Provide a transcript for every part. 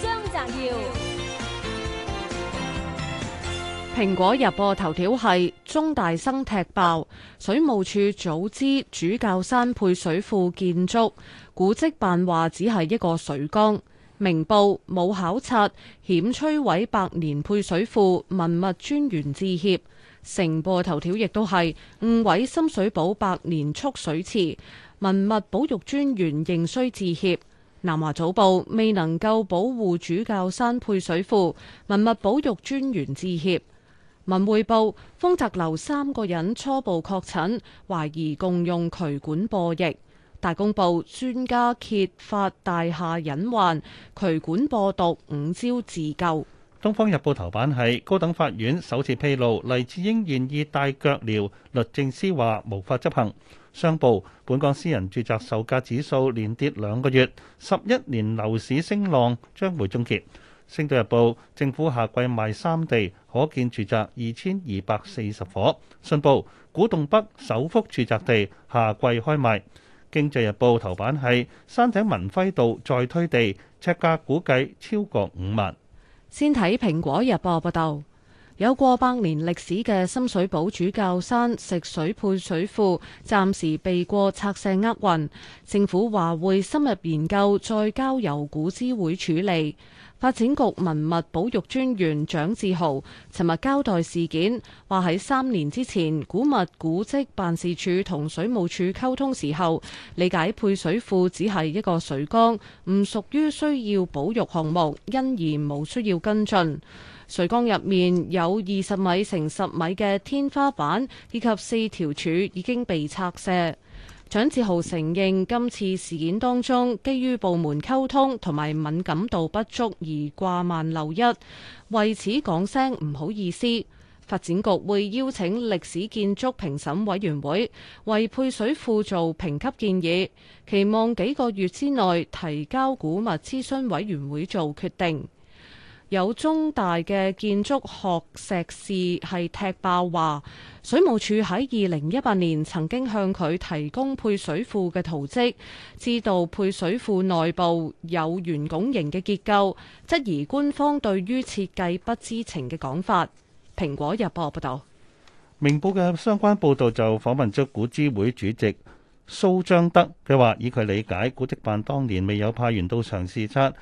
張澤耀，蘋果日報頭條係中大生踢爆水務處早知主教山配水庫建築古蹟辦話只係一個水缸，明報冇考察，險摧毀百年配水庫，文物專員致歉。成報頭條亦都係誤毀深水埗百年蓄水池，文物保育專員仍需致歉。南華早報未能夠保護主教山配水庫文物保育專員致歉。文匯報豐澤樓三個人初步確診，懷疑共用渠管播疫。大公報專家揭發大廈隱患，渠管播毒五招自救。《東方日報》頭版係高等法院首次披露黎智英願意戴腳鐐，律政司話無法執行。商報本港私人住宅售價指數連跌兩個月，十一年樓市升浪將會終結。《星島日報》政府下季賣三地，可建住宅二千二百四十伙。信報古洞北首幅住宅地下季開賣。《經濟日報》頭版係山頂文輝道再推地，尺價估計超過五萬。先睇《蘋果日報》報道。有過百年歷史嘅深水埗主教山食水配水庫暫時避過拆卸厄運，政府話會深入研究，再交由古諮會處理。發展局文物保育專員蔣志豪尋日交代事件，話喺三年之前，古物古蹟辦事處同水務處溝通時候，理解配水庫只係一個水缸，唔屬於需要保育項目，因而冇需要跟進。水缸入面有二十米乘十米嘅天花板，以及四條柱已經被拆卸。蔣志豪承認今次事件當中，基於部門溝通同埋敏感度不足而掛萬漏一，為此講聲唔好意思。發展局會邀請歷史建築評審委員會為配水庫做評級建議，期望幾個月之內提交古物諮詢委員會做決定。有中大嘅建築學碩士係踢爆話，水務署喺二零一八年曾經向佢提供配水庫嘅圖則，知道配水庫內部有圓拱形嘅結構，質疑官方對於設計不知情嘅講法。蘋果日報報道，明報嘅相關報導就訪問咗古諮會主席蘇彰德，佢話以佢理解，古蹟辦當年未有派員到場視察。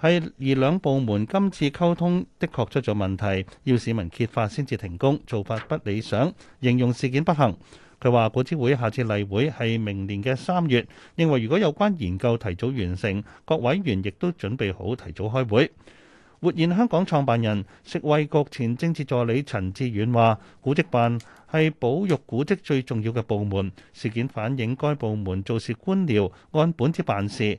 係而兩部門今次溝通的確出咗問題，要市民揭發先至停工，做法不理想，形容事件不幸。佢話古諮會下次例會係明年嘅三月，認為如果有關研究提早完成，各委員亦都準備好提早開會。活現香港創辦人、食衛局前政治助理陳志遠話：古蹟辦係保育古蹟最重要嘅部門，事件反映該部門做事官僚，按本子辦事。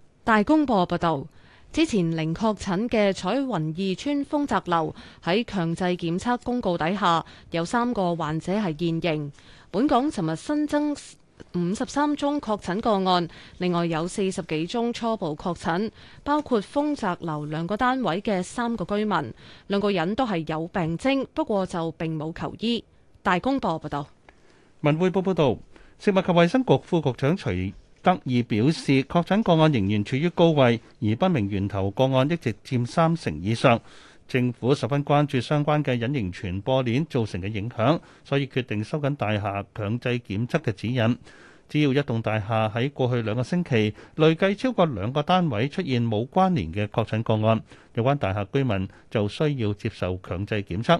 大公報報導，之前零確診嘅彩雲二村豐澤樓喺強制檢測公告底下，有三個患者係現形。本港尋日新增五十三宗確診個案，另外有四十幾宗初步確診，包括豐澤樓兩個單位嘅三個居民，兩個人都係有病徵，不過就並冇求醫。大公報報導，文匯報報導，食物及衛生局副局長徐德意表示，確診個案仍然處於高位，而不明源頭個案一直佔三成以上。政府十分關注相關嘅隱形傳播鏈造成嘅影響，所以決定收緊大廈強制檢測嘅指引。只要一棟大廈喺過去兩個星期累計超過兩個單位出現冇關聯嘅確診個案，有關大廈居民就需要接受強制檢測。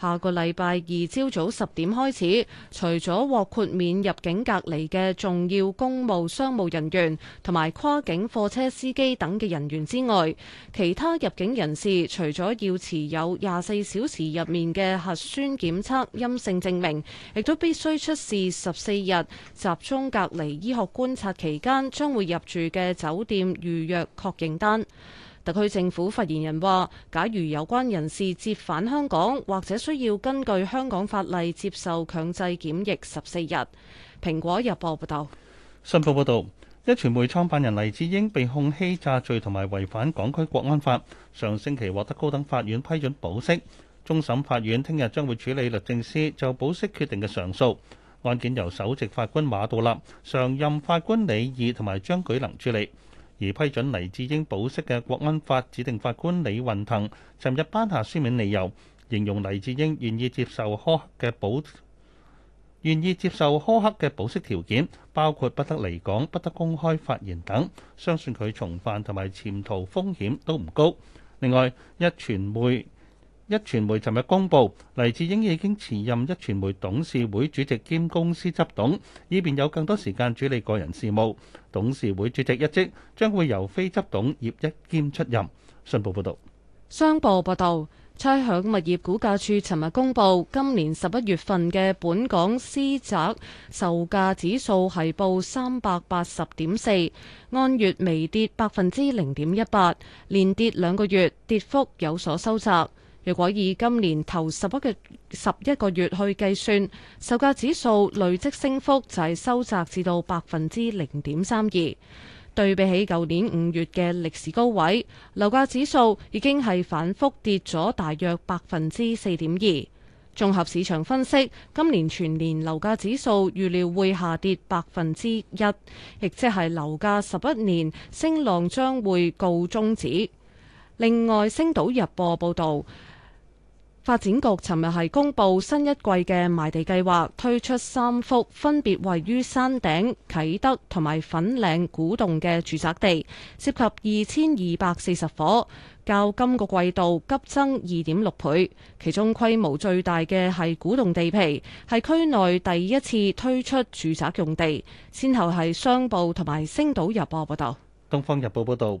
下個禮拜二朝早十點開始，除咗獲豁免入境隔離嘅重要公務、商務人員同埋跨境貨車司機等嘅人員之外，其他入境人士，除咗要持有廿四小時入面嘅核酸檢測陰性證明，亦都必須出示十四日集中隔離醫學觀察期間將會入住嘅酒店預約確認單。特區政府發言人話，假如有關人士接返香港，或者需要根據香港法例接受強制檢疫十四日。蘋果日報報道，信報報道，一傳媒創辦人黎智英被控欺詐罪同埋違反港區國安法，上星期獲得高等法院批准保釋，終審法院聽日將會處理律政司就保釋決定嘅上訴，案件由首席法官馬道立、常任法官李義同埋張舉能處理。而批准黎智英保釋嘅國安法指定法官李運騰尋日頒下書面理由，形容黎智英願意接受苛刻嘅保願意接受苛刻嘅保釋條件，包括不得離港、不得公開發言等，相信佢重犯同埋潛逃風險都唔高。另外，壹傳媒。一傳媒尋日公佈，黎智英已經辭任一傳媒董事會主席兼公司執董，以便有更多時間處理個人事務。董事會主席一職將會由非執董葉一堅出任。信報報道，商報報道，差餉物業估價署尋日公佈，今年十一月份嘅本港私宅售價指數係報三百八十點四，按月微跌百分之零點一八，連跌兩個月，跌幅有所收窄。如果以今年頭十一個十一個月去計算，售價指數累積升幅就係收窄至到百分之零點三二。對比起舊年五月嘅歷史高位，樓價指數已經係反覆跌咗大約百分之四點二。綜合市場分析，今年全年樓價指數預料會下跌百分之一，亦即係樓價十一年升浪將會告終止。另外，《星島日報》報道。發展局尋日係公布新一季嘅賣地計劃，推出三幅分別位於山頂、啟德同埋粉嶺古洞嘅住宅地，涉及二千二百四十伙，較今個季度急增二點六倍。其中規模最大嘅係古洞地皮，係區內第一次推出住宅用地。先後係商報同埋星島日報報道，《東方日報》報道。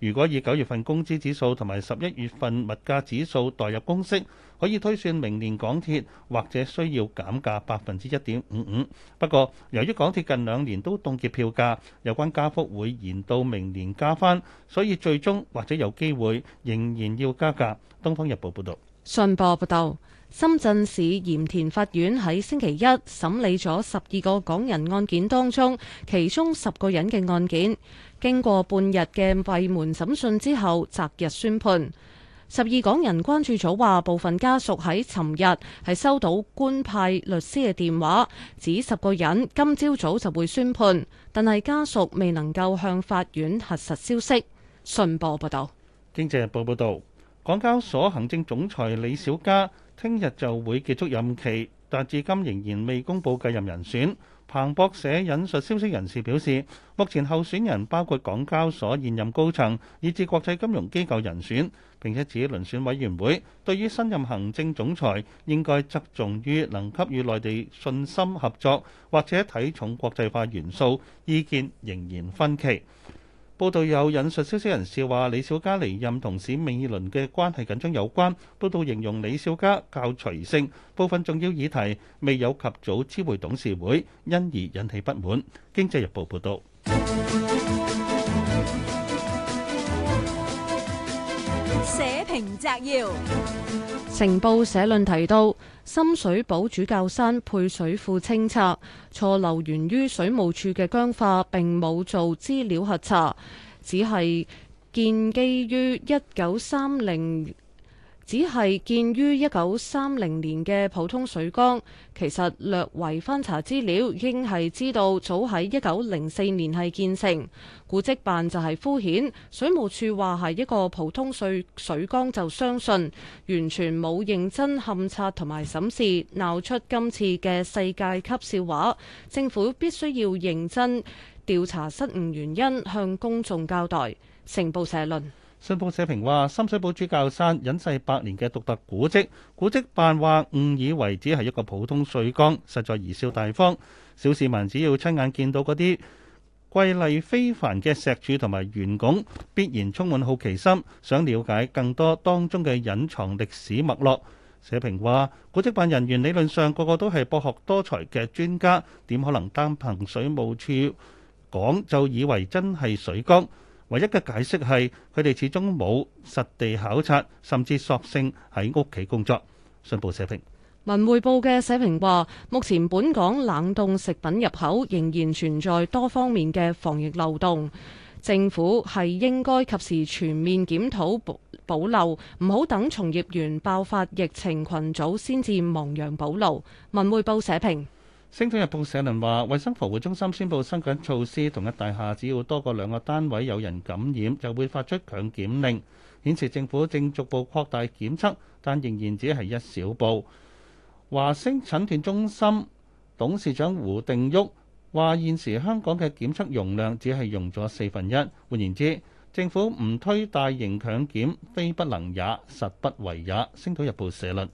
如果以九月份工資指數同埋十一月份物價指數代入公式，可以推算明年港鐵或者需要減價百分之一點五五。不過，由於港鐵近兩年都凍結票價，有關加幅會延到明年加翻，所以最終或者有機會仍然要加價。東方日報報道，信報報道。深圳市鹽田法院喺星期一審理咗十二個港人案件，當中其中十個人嘅案件經過半日嘅閉門審訊之後擇日宣判。十二港人關注組話部分家屬喺尋日係收到官派律師嘅電話，指十個人今朝早，早就會宣判，但係家屬未能夠向法院核實消息。信報報道，《經濟日報》報道，港交所行政總裁李小嘉，聽日就會結束任期，但至今仍然未公布繼任人選。彭博社引述消息人士表示，目前候選人包括港交所現任高層，以至國際金融機構人選。並且指遴選委員會對於新任行政總裁應該側重於能給予內地信心合作，或者睇重國際化元素，意見仍然分歧。報道有引述消息人士話：李小加離任同史美倫嘅關係緊張有關。報道形容李小加較隨性，部分重要議題未有及早知會董事會，因而引起不滿。經濟日報報道。程澤耀，《成報社論》提到，深水埗主教山配水庫清拆錯漏源於水務處嘅僵化，並冇做資料核查，只係建基於一九三零。只係建於一九三零年嘅普通水缸，其實略為翻查資料，應係知道早喺一九零四年係建成。古蹟辦就係敷衍，水務處話係一個普通水，水缸，就相信，完全冇認真勘查同埋審視，鬧出今次嘅世界級笑話。政府必須要認真調查失誤原因，向公眾交代。成報社論。信報社評話：深水埗主教山隱世百年嘅獨特古蹟，古蹟辦話誤以為只係一個普通水缸，實在貽笑大方。小市民只要親眼見到嗰啲瑰麗非凡嘅石柱同埋圓拱，必然充滿好奇心，想了解更多當中嘅隱藏歷史脈絡。社評話：古蹟辦人員理論上個個都係博學多才嘅專家，點可能單憑水務處講就以為真係水缸？唯一嘅解釋係佢哋始終冇實地考察，甚至索性喺屋企工作。信報社評。文匯報嘅社評話：目前本港冷凍食品入口仍然存在多方面嘅防疫漏洞，政府係應該及時全面檢討保保漏，唔好等從業員爆發疫情群組先至亡羊補牢。文匯報社評。《星島日報》社論話，衞生防護中心宣布新緊措施，同一大廈只要多過兩個單位有人感染，就會發出強檢令。顯示政府正逐步擴大檢測，但仍然只係一小步。華星診斷中心董事長胡定旭話：現時香港嘅檢測容量只係用咗四分一。換言之，政府唔推大型強檢，非不能也，實不為也。《星島日報》社論。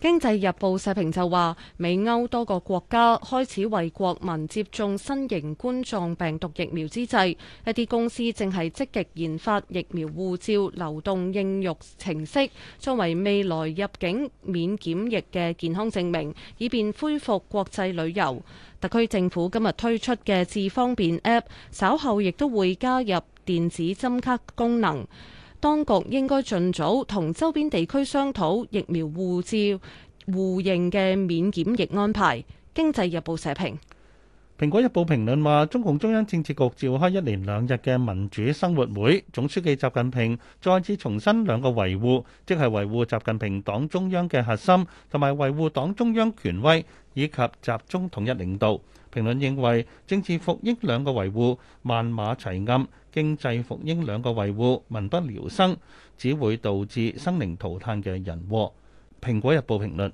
經濟日報社評就話：美歐多個國家開始為國民接種新型冠狀病毒疫苗之際，一啲公司正係積極研發疫苗護照流動應用程式，作為未來入境免檢疫嘅健康證明，以便恢復國際旅遊。特區政府今日推出嘅智方便 App 稍後亦都會加入電子針卡功能。當局應該盡早同周邊地區商討疫苗護照互認嘅免檢疫安排。經濟日報社評。《蘋果日報》評論話，中共中央政治局召開一連兩日嘅民主生活會，總書記習近平再次重申兩個維護，即係維護習近平黨中央嘅核心，同埋維護黨中央權威以及集中統一領導。評論認為，政治服膺兩個維護，萬馬齊喑，經濟服膺兩個維護，民不聊生，只會導致生靈塗炭嘅人禍。《蘋果日報》評論。